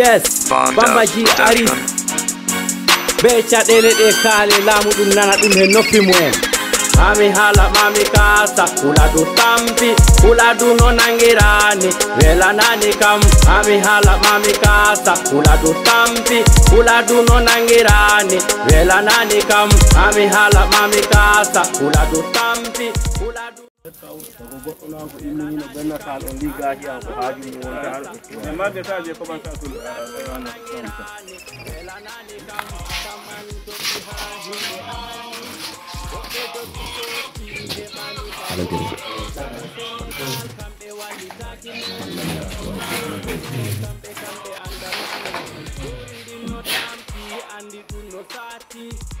yes bambaji ari be caɗele ɗe kaale laamu ɗum nana ɗum he noppi mu'en mami haala mami kaasa huladu tampi huladu no nangirani welanani kam mami haala mami kaasa huladu tampi huladu no nangirani welanani kam mami haala mami kasa huladu tampi goɗɗo naako Thank you.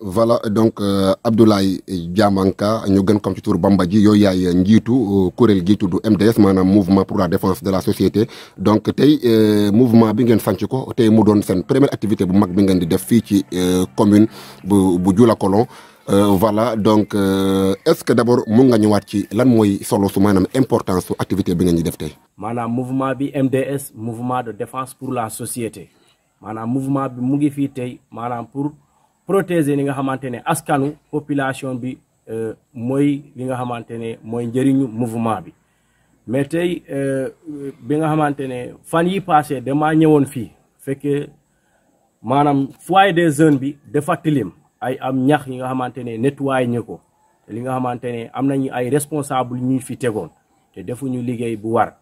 voilà donc euh, Abdoulaye Diamanka nous gën comme ci tur Bamba ji yooyu yaay njiitu euh, kuréel gi MDS un mouvement pour la défense de la société donc le euh, mouvement bi ngeen avez ko c'est mu première activité bu mag bi ngeen di def commune bu la colonne voilà donc est-ce que d'abord vous nga ñëwaat ci lan mooy solo su maanaam importance su activité bi ngeen di mouvement bi MDS mouvement de défense pour la société mouvement bi mu ngi pour. protéger li nga xamante ne askanu population bi euh, mooy li nga xamante ne mooy njëriñu mouvement bi mais tey euh, bi nga xamante ne fan yi passé damaa ñëwoon fii fekkee maanaam fois des jeunes bi dafa tilim ay am ñax yi nga xamante ne nettoyé ñu ko li nga xamante ne am nañu ay responsable ñu fi tegoon te defuñu liggéey bu war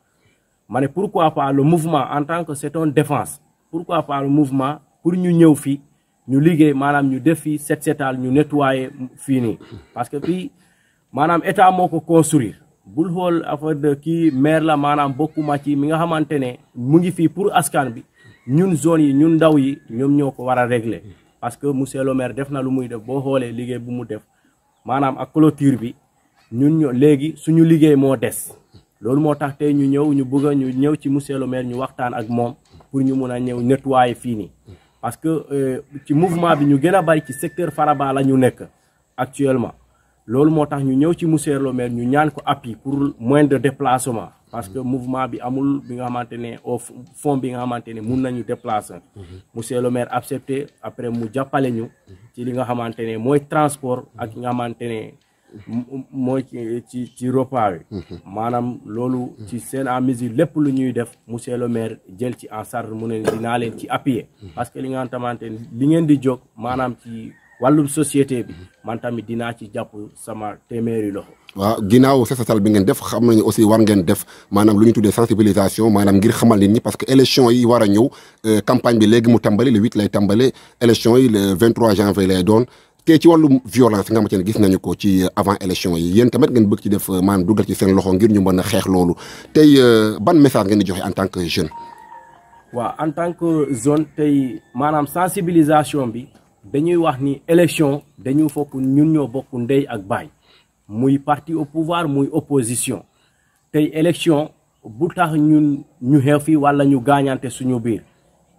ma ne pourquoi pas le mouvement en tant que c'est défence pour pourquoi pas le mouvement pour ñu ñëw fii ñu liggéey maanaam ñu def fii set setaal ñu nettoyer fii nii parce que fii maanaam état moo ko construire bul xool affaire de kii maire la maanaam bokkuma ci mi nga xamante ne mu ngi fii pour askan bi ñun zone yi ñun ndaw yi ñoom ñoo ko war a régler parce que monsieur le maire def na lu muy def boo xoolee liggéey bu mu def maanaam ak clôture bi ñun ñoo léegi suñu liggéey moo des loolu moo tax tey ñu ñëw ñu bëgg ñu ñëw ci monsieur le maire ñu waxtaan ak moom pour ñu mun a ñëw nettoyer fii nii parce que euh, ci mouvement bi ñu gën a bari ci secteur Faraba la ñu nekk actuellement loolu moo tax ñu ñëw ci monsieur le maire ñu ñaan ko appui pour moyen de déplacement parce que mouvement bi amul bi nga xamante ne au fond bi nga xamante ne mun nañu déplacer monsieur le maire accepté après mu jàppale ñu ci li nga xamante mooy transport ak nga xamante mooy ci ci repas wi mm-hmm. maanaam loolu ci sen en mesure lépp lu ñuy def monsieur le maire jël ci en charge mu ne dinaa leen ci appuyer mm-hmm. parce que li nga tamanté li ngeen di jog manam ci wàllum société bi mm-hmm. man tamit dina ci japp sama téeméeri loxo ginaaw ginnaaw sesatal bi ngeen def xam nañu aussi war ngeen def manam lu ñu tuddee sensibilisation manam ngir xamal nit ñi parce que élection yi wara a euh, campagne bi légui mu tambalé le 8 lay tambalé élection yi le 23 janvier lay doon te ci wàllu violence nga xamante ne gis nañu ko ci euh, avant élection yi yéen tamit ngeen bëgg ci def euh, maanaam dugal ci seen loxo ngir ñu mën a xeex loolu tey euh, ban message ngeen di joxe en tant que jeune. waaw en tant que zone tey maanaam sensibilisation bi dañuy wax ni élection dañu fokk ñun ñoo bokku ndey ak baay muy parti au pouvoir muy opposition tey élection bu tax ñun ñu xew fi walla ñu gaañante suñu biir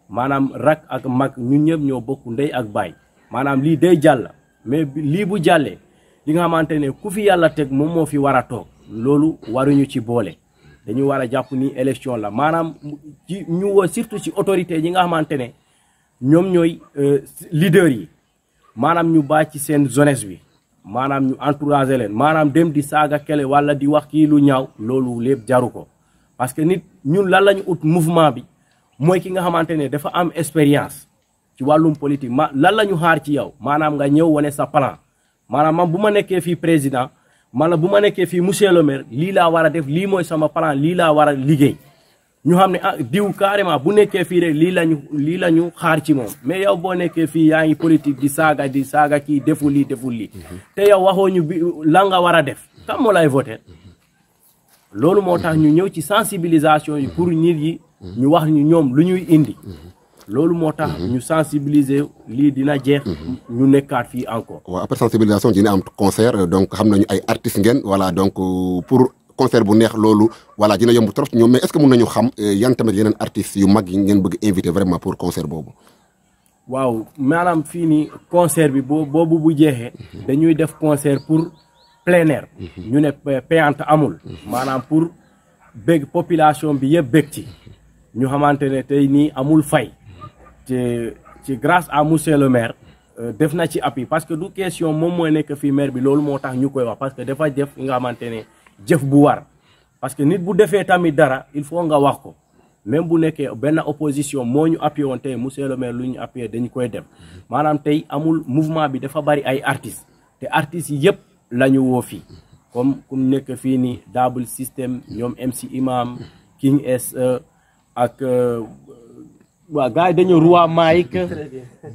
maanaam rak ak mag ñu ñëpp ñoo bokk ndey ak baay maanaam mais lii bu jàllee li nga xamante ne ku fi yàlla teg moom moo fi war a toog loolu waruñu ci boole dañu war a jàpp ni élection la maanaam ci ñu woo surtout si autorité yi nga xamante ne ñoom ñooy euh, leader yi maanaam ñu bàyyi ci seen jeunesse bi maanaam ñu encouragé leen maanaam dem di saaga kele walla di wax kii lu ñaaw loolu lépp jaru ko parce que nit ñun lan lañu ut mouvement bi mooy ki nga xamante ne dafa am expérience ci wàllum politique ma lan la ñu xaar ci yow maanaam nga ñëw wane sa plan maanaam man bu ma nekkee fii président man bu ma nekkee fii monsieur le maire lii laa war a def lii mooy sama plan lii laa war liggéey ñu xam ne ah diw carrément bu nekkee fii rek lii la ñu lii la ñu xaar ci moom mais yow boo nekkee fii yaa ngi politique di saaga di saaga kii deful lii deful lii te yow waxoo ñu bi la nga war a def kam moo lay voter loolu moo tax ñu ñëw ci sensibilisation yi pour nit yi ñu wax ñu ñoom lu ñuy indi loolu motax mhm. ñu sensibiliser li dina jeex mhm. ñu nekkat fi encore wa après sensibilisation dina am concert euh, donc xamna ñu ay artistes ngène voilà donc euh, pour concert bu neex loolu voilà dina yomb trop ñom mais est-ce que mën nañu xam euh, yan tamit yeneen artistes yu mag ngène bëgg invité vraiment pour concert bobu waaw manam fini concert bi bobu bu jeexee mhm. dañuy def concert pour plein air ñu ne payante amul manam pour bëgg population bi yeb bëgg ci ñu xamantene tay ni amul fay c'est grâce à monsieur le maire euh, def na ci appui parce que du question moom mooy nekk fii maire bi lolou motax tax koy wax parce que dafa jëf nga xamante def bu war parce que nit bu defee tamit dara il faut nga wax ko même bu nekkee ben opposition mo ñu appuyé woon tey monsieur le maire lu ñu appuyé dañu koy def manam tay amul mouvement bi dafa bari ay artistes té artistes yépp lañu wo fi woo comme ku nekk ni Double System ñom MC Imam King S e, ak euh, waaw gars yi dañu roi Mike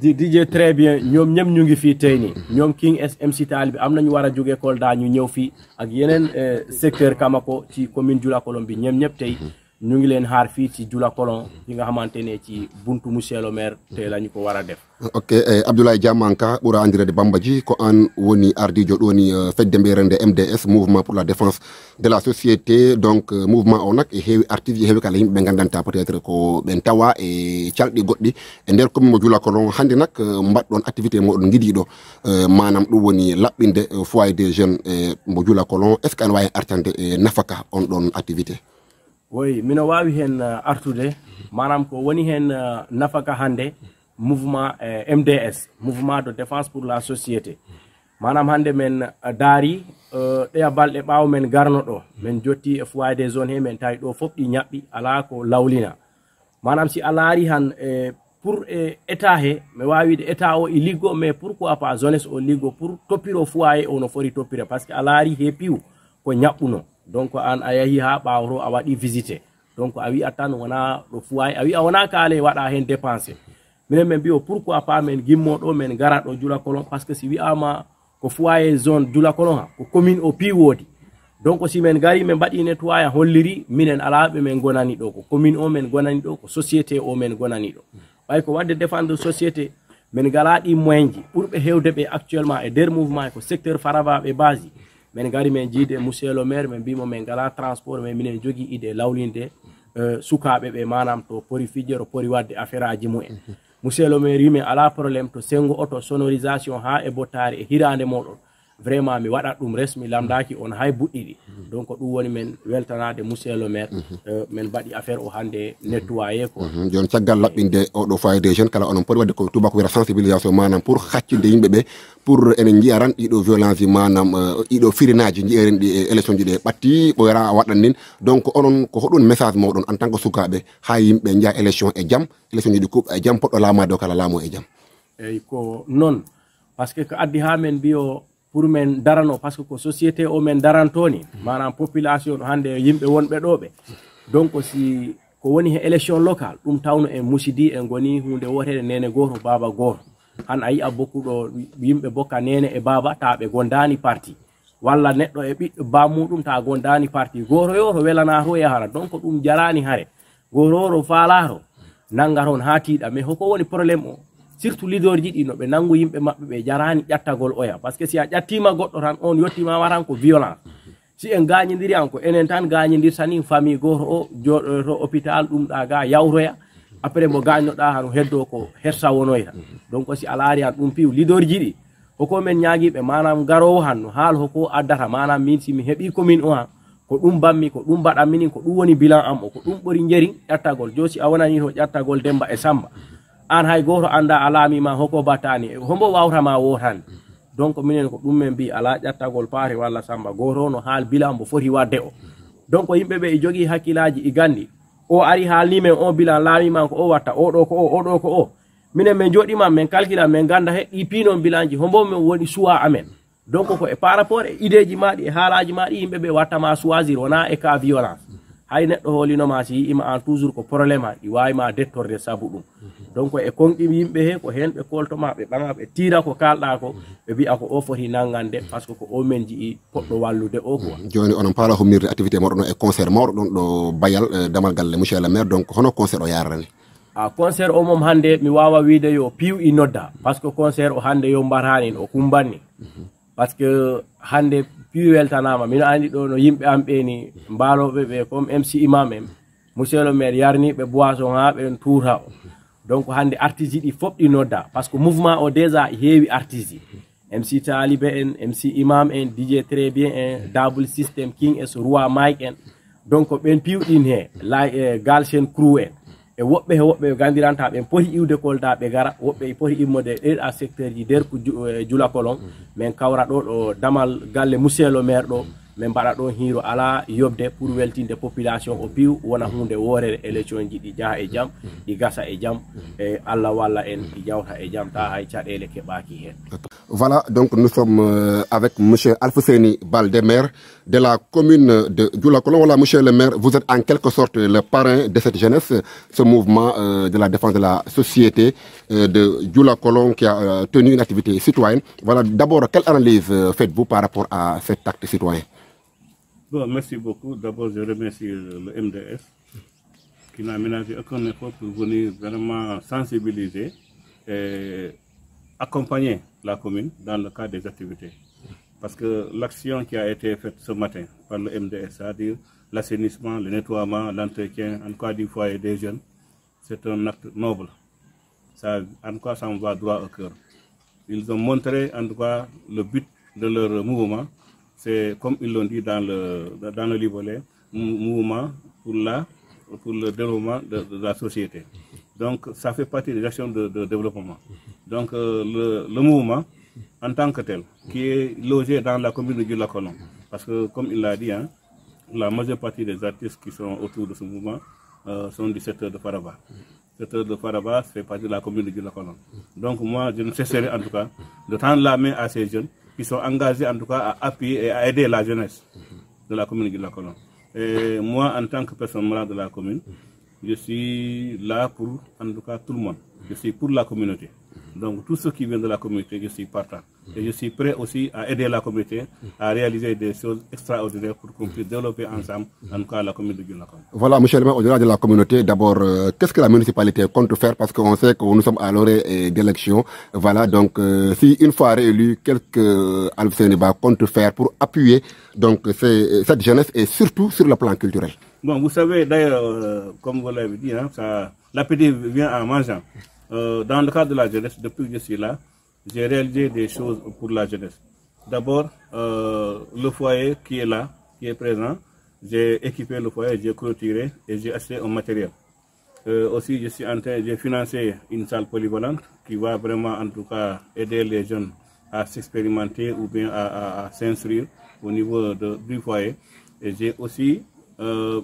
di DJ très bien ñoom ñëpp ñu ngi fii tey nii ñoom King MC Talibe am nañu war a jóge Kolda ñu ñëw fii ak yeneen euh, secteur Kamako ci commune Dioula Kolom bi ñoom ñëpp tey mm-hmm. ñu ngi leen xaar fii ci jula kolon yi nga xamantene ci buntu monsieur le maire te lañu ko wara def ok eh, abdoulaye diamanka ɓura andirede bamba ji ko an woni do ni uh, fedde rende mds mouvement pour la défense de la société donc uh, mouvement o nak e hewi artiste yi e hewi kala yimɓe ɓe gandanta peut être ko ben tawa e calɗi goddi e der commune mo jula kolon hande nak uh, don activité moɗon giɗiɗo uh, manam ɗum woni laɓɓinde uh, foyer des jeunes uh, mo jula kolon est ce qu'an an artande uh, nafaka on don activité oui mino wawi hen uh, artude manam ko woni hen uh, nafaka hande mouvement uh, mds mouvement de défense pour la société manam hande men daari ɗeya balɗe ɓaawo men garno ɗo men jotti e foyer des zones he min tawi ɗo fof ɗi ñaɓɓi ala ko lawlina manam si a laari han e pour e état he mi wawide état o e liggo mais pourquoi pas zones o liggo pour toppiro foyer o no fori toppire par ce que a laari he piw ko ñaɓɓuno donc an a yahi ha ɓawo to a waɗi visité donc a wi'at tan wona ɗo fuway a wi'a wona kaale waɗa hen dépensé minen min mbio pourquoi pas min gimmoɗo min gara ɗo juula colon par ce que si wi'ama ko fuwaye zone juula colon ha ko commune o pi woodi donc si min gari min mbaɗi netoway a holliri minen alaɓe min gonani ɗo ko commune o min gonani ɗo ko société o min gonani ɗo ɓay ko wadde défendre société min gala ɗi moyen ji ɓurɓe hewde ɓe actuellement e nder mouvement e ko secteur faravaɓe basi min gari min jiide monsieur maire min mbimo min ngala transport min minen jogui idée lawlinde e, sukaɓe ɓe manam to pori fijero pori wadde affaire aji mumen monsieur maire wimin ala probléme to senggo auto sonorisation ha e bottari e hirande moɗon vraiment mi waɗat ɗum res mi lamdaki on hay buɗɗiɗi mhm. donc ɗum woni min weltanade monsieur le maire mhm. euh, min mbaɗi affaire o hande nettoyé ko mhm. joni caggal laɓɓinde oɗo fayide jeune kala onon poti wadde ko tubako wiyata sensibilisation manam pour haccinde yimɓe ɓe pour enen jiya tan ɗiɗo violence ji manam euh, ɗiɗo firinaji jiyeren ɗi e élection ji ɗe ɓatti ɓoyata waɗan nin donc onon ko hoɗum message moɗon en tant que sukaɓe ha yimɓe jiya élection e jaam élection ji ɗi kuɓ e jaam poɗɗo lamade o kala laamo e jaam eyyi ko noon par ce que ko addi ha men mbiyo pour min darano par ce que ko société o min darantoni manam population o hande yimɓe wonɓe ɗoɓe donc si ko woni he élection local ɗum tawno en musidi en goni hunde wotede nene goto baba goto han a yi a bokkuɗo yimɓe bokka nene e baba taa ɓe gondani parti walla neɗɗo e ɓiɗɗo bamuɗum taa gondani parti goto yoto welana to yahata e donc ɗum jarani haare goto oto faalato nangga toon ha tiiɗa mais hoko woni probléme o surtout leader ji ɗi no ɓe nangu yimɓe maɓɓe ɓe jarani ƴattagol oya par ce que si a ƴattima goɗɗo tan on yettima waran ko violence si en gañidiri an ko enen tan ni famille goto o joɗoto hôpital ɗum ɗa ga yawroya après mo gañnoɗa han heddo ko hersa wonoyta donc si a laari han ɗum piw leader ji ɗi hoko men ñaagiɓe manam garowo han no haal hoko addata manam min simi heeɓi commune o han ko ɗum bammi ko ɗum mbaɗan minin ko ɗum woni bilan am o ko ɗum ɓori jeri ƴattagol josi a wonani to ƴattagol demba e samba an hay goto anda a laamima hoko battani hombo wawtama wotan donc minen ko ɗummen mbi ala ƴattagol paari walla samba goto no haal bilan mbo foti wadde o donc yimɓeɓe e jogui hakkillaji i e gandi o ari haalnimen o bilan laamiman ko o watta oɗo ko o oɗo ko o minen min joɗima min calcula min ganda heɗɗi pinon bilan ji hombo min woni suwa amen donc ko e par rapport e idée ji maɗi e haalaji maɗi yimɓeɓe wattama choisir wona e cas violence hay neɗɗo holinoma si yi'ima an toujours ko probléme a ɗi wawima dettorde saabu ɗum donc e konɗi yimɓe he ko hen ɓe koltoma ɓe ɓaga ɓe tira ko kalɗa ko ɓe wiya ko o foti nangande par ce que ko o men jii poɗɗo wallude o quoi mm. joni onon paala homirde activité mawɗo ɗon e concert mawɗo ɗon ɗo bayal eh, damal galle monsieur le maire donc hono concert o yarane a concert o mom hande mi wawa wiide yo piw i nodda par ce que concert o hande yo mbatani o kumbanni parce que hande piwi weltanama min andi do no yimbe am ɓe ni mbaloɓe ɓe comme mc imam en monsieur le maire be boisson ha ɓen tour o donc hande artiste di ɗi fof ɗi parce que mouvement au déjà heewi artiste mc talib en mc imam en dj très bien en double system king es roi mike en donc piu din he la eh, galchen crew en e woɓɓe he woɓɓe gandiran ta ɓen poti iwde kolda ɓe gara woɓɓe e poti immode ɗeɗa secteur ji nder ko e, julakol on min mm-hmm. kawra ɗo ɗo damal galle museelo maire ɗo min mbaɗa ɗon hiiro ala yobde pour weltinde population o piw wona mm-hmm. hunde woorere élection ji ɗi jaha e jaam mm-hmm. ɗi gasa e jaam e allah walla en ɗi jawta e jaam ta hay caɗele keɓaki hen voilà donc nous sommes euh, avec monsieur alfouseni balde maire de la commune de Djoulakolon. Voilà, monsieur le maire, vous êtes en quelque sorte le parrain de cette jeunesse, ce mouvement euh, de la défense de la société euh, de de Djoulakolon qui a euh, tenu une activité citoyenne. Voilà, d'abord, quelle analyse faites-vous par rapport à cet acte citoyen Merci beaucoup. D'abord, je remercie le MDS qui n'a ménagé aucun effort pour venir vraiment sensibiliser et accompagner la commune dans le cadre des activités. Parce que l'action qui a été faite ce matin par le MDS, c'est-à-dire l'assainissement, le nettoiement, l'entretien, encore quoi du foyer des jeunes, c'est un acte noble. Ça, en quoi ça me va droit au cœur. Ils ont montré en quoi le but de leur mouvement, c'est comme ils l'ont dit dans le, dans le livret, mouvement pour, la, pour le développement de, la société. Donc ça fait partie des actions de, développement. Donc euh, le, le mouvement, en tant que tel, qui est logé dans la commune de Guyla-Colomb. Parce que, comme il l'a dit, hein, la majeure partie des artistes qui sont autour de ce mouvement euh, sont du secteur de Faraba. Le secteur de Faraba fait partie de la commune de Guyla-Colomb. Donc, moi, je ne cesserai en tout cas de tendre la main à ces jeunes qui sont engagés en tout cas à appuyer et à aider la jeunesse de la commune de Guyla-Colomb. Et moi, en tant que personne de la commune, je suis là pour, en tout cas, tout le monde. Je suis pour la communauté. Donc tous ceux qui viennent de la communauté, je suis partant. Et je suis prêt aussi à aider la communauté à réaliser des choses extraordinaires pour qu'on puisse développer ensemble, en tout cas, la commune de Voilà, monsieur le maire, au-delà de la communauté, d'abord, euh, qu'est-ce que la municipalité compte faire Parce qu'on sait que nous sommes à l'orée euh, d'élection Voilà, donc, euh, si une fois réélu, quelques Alves compte faire pour appuyer donc, cette jeunesse et surtout sur le plan culturel Bon, vous savez, d'ailleurs, comme vous l'avez dit, hein, ça, vient en mangeant. Euh, dans le cadre de la jeunesse, depuis que je suis là, j'ai réalisé des choses pour la jeunesse. D'abord, euh, le foyer qui est là, qui est présent, j'ai équipé le foyer, j'ai clôturé et j'ai acheté un matériel. Euh, aussi, je suis en train, j'ai financé une salle polyvalente qui va vraiment, en tout cas, aider les jeunes à s'expérimenter ou bien à, à, au niveau du foyer. Et j'ai aussi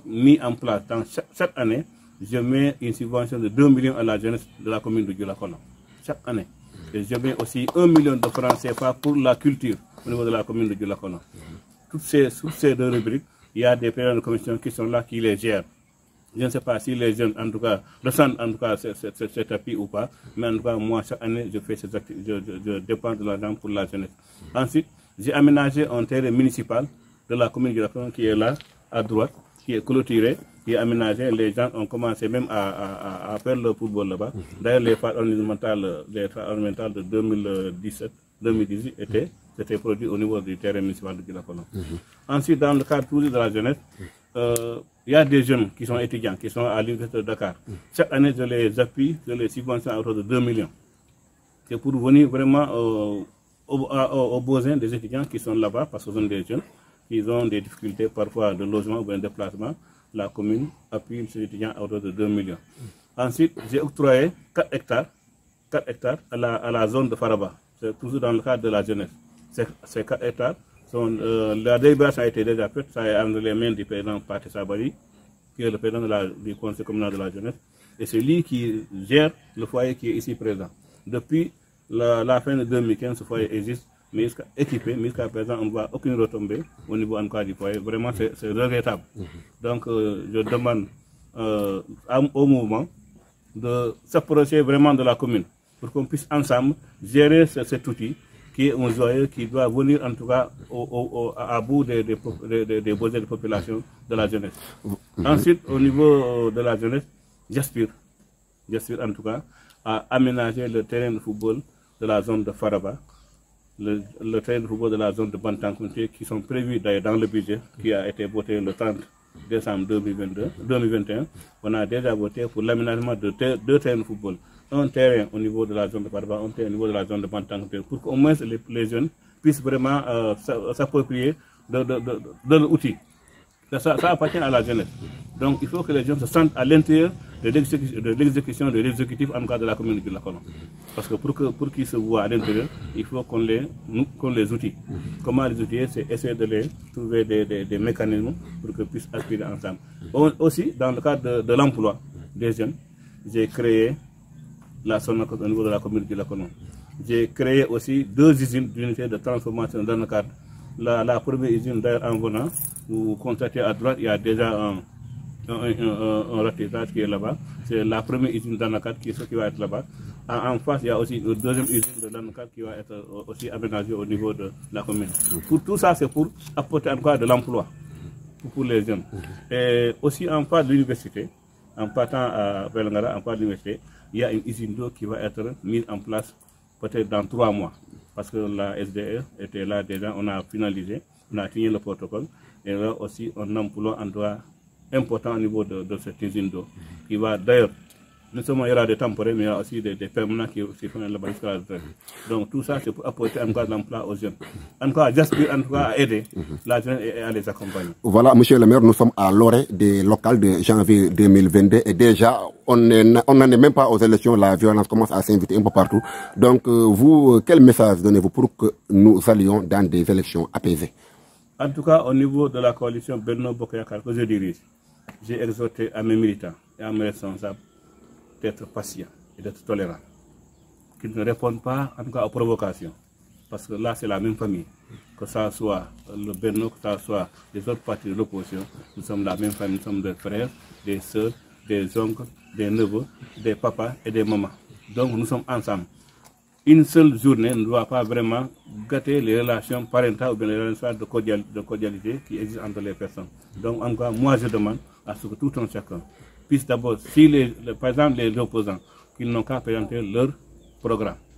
mis en place, dans cette chaque année, je mets une subvention de 2 millions à la jeunesse de la commune de Djulakona, chaque année. Et je mets aussi 1 million de francs CFA pour la culture au niveau de la commune de Djulakona. Toutes ces, sous ces deux rubriques, il y a des périodes de commission qui sont là, qui les gèrent. Je ne sais pas si les jeunes, en tout cas, ressentent en tout cas cet appui ou pas, mais en tout cas, moi, chaque année, je fais ces je, je, dépense de l'argent pour la jeunesse. Ensuite, j'ai aménagé un terrain municipal de la commune de Djulakona qui est là, à droite, qui est clôturé, aménagé. Les gens ont commencé même à, faire le football là-bas. Mhm. D'ailleurs, les phares ornementales, les de 2017, 2018 étaient, produits au niveau du terrain municipal de la mhm. Ensuite, dans le cadre de la jeunesse, mhm. euh, il y a des jeunes qui sont étudiants, qui sont à l'Université de Dakar. Chaque année, je les appuie, je les subventionne à autour de 2 millions. C'est pour venir vraiment euh, aux, besoins des étudiants qui sont là-bas, parce que ce sont des jeunes, qui ont des difficultés parfois de logement ou de déplacement la commune appuie pris étudiants à hauteur de 2 millions. Ensuite, j'ai octroyé 4 hectares, 4 hectares à, la, à la zone de Faraba. C'est toujours dans le cadre de la jeunesse. Ces 4 hectares, sont, euh, la délibération a été déjà faite, ça est entre les mains du président Patrice Sabali, qui est le président du conseil communal de la jeunesse, et c'est lui qui gère le foyer qui est ici présent. Depuis la, la fin de 2015, ce foyer existe mais jusqu'à équipé, mais jusqu'à présent, on ne voit aucune retombée au niveau en du Vraiment, c'est regrettable. Mhm. Donc, euh, je demande euh, au mouvement de s'approcher vraiment de la commune pour qu'on puisse ensemble gérer cet outil qui est un joyeux qui doit venir en tout cas à bout des, des, des besoins de population de la jeunesse. Ensuite, au niveau euh, de la jeunesse, j'aspire, j'aspire en tout cas à aménager le terrain de football de la zone de Faraba le, le, train de football de la zone de Bantankunté qui sont prévus d'ailleurs dans le budget qui a été voté le 30 décembre 2022, 2021. On a déjà voté pour l'aménagement de deux terrains de football. Un terrain au niveau de la zone de Parba, un terrain au niveau de la zone de pour qu'au moins les, jeunes puissent vraiment euh, s'approprier de l'outil. Ça, appartient à la jeunesse. Donc il faut que les jeunes se sentent à l'intérieur de l'exécution de l'exécutif en cas de la commune de la colonne. Parce que pour qu'ils se voient à l'intérieur, il faut qu'on les, qu'on outille. Comment les outiller C'est essayer de les trouver des, mécanismes pour qu'ils puissent aspirer ensemble. aussi, dans le cadre de, l'emploi des jeunes, j'ai créé la zone au niveau de la commune de la colonne. J'ai créé aussi deux usines d'unités de transformation dans le cadre la, la première usine d'ailleurs, en venant, vous constatez à droite, il y a déjà un, un, un, qui est là-bas. C'est la première usine d'Anakat qui, qui va être là-bas. En, face, il y a aussi une deuxième usine de l'Anakat qui va être euh, aussi aménagée au niveau de la commune. Pour tout ça, c'est pour apporter encore de l'emploi pour les jeunes. Et aussi en face de l'université, en partant à Belangara, en face de l'université, il y a une usine d'eau qui va être mise en place peut-être dans trois mois parce que la SDR e était là déjà, on a finalisé, on a signé le protocole, et là aussi on a un droit important au niveau de, de cette usine d'eau, qui va d'ailleurs non seulement il y aura des temporaires, mais il y a aussi des, permanents qui, qui font la barricade. Donc tout ça, c'est pour apporter encore un emploi aux jeunes. Encore, j'aspire en tout cas à aider la jeune et à les accompagner. Voilà, monsieur le maire, nous sommes à l'orée des locales de janvier 2022 et déjà, on n'en est même pas aux élections, la violence commence à s'inviter un peu partout. Donc euh, vous, euh, quel message donnez-vous pour que nous allions dans des élections apaisées En tout cas, au niveau de la coalition Bernard Bokayakar, que je dirige, j'ai exhorté à mes militants et à mes responsables d'être patient et d'être tolérant. Qu'ils ne répondent pas, en tout cas, aux provocations. Parce que là, c'est la même famille. Que ça soit le Benoît, que ça soit les autres parties de l'opposition, nous sommes la même famille, nous sommes des frères, des sœurs, des oncles, des neveux, des papas et des mamans. Donc, nous sommes ensemble. Une seule journée ne doit pas vraiment gâter les relations parentales ou bien les relations de, cordialité qui existent entre les personnes. Donc, encore, moi, je demande à ce que tout un chacun puis d'abord, si les, par exemple les opposants, ils n'ont qu'à présenter leur programme.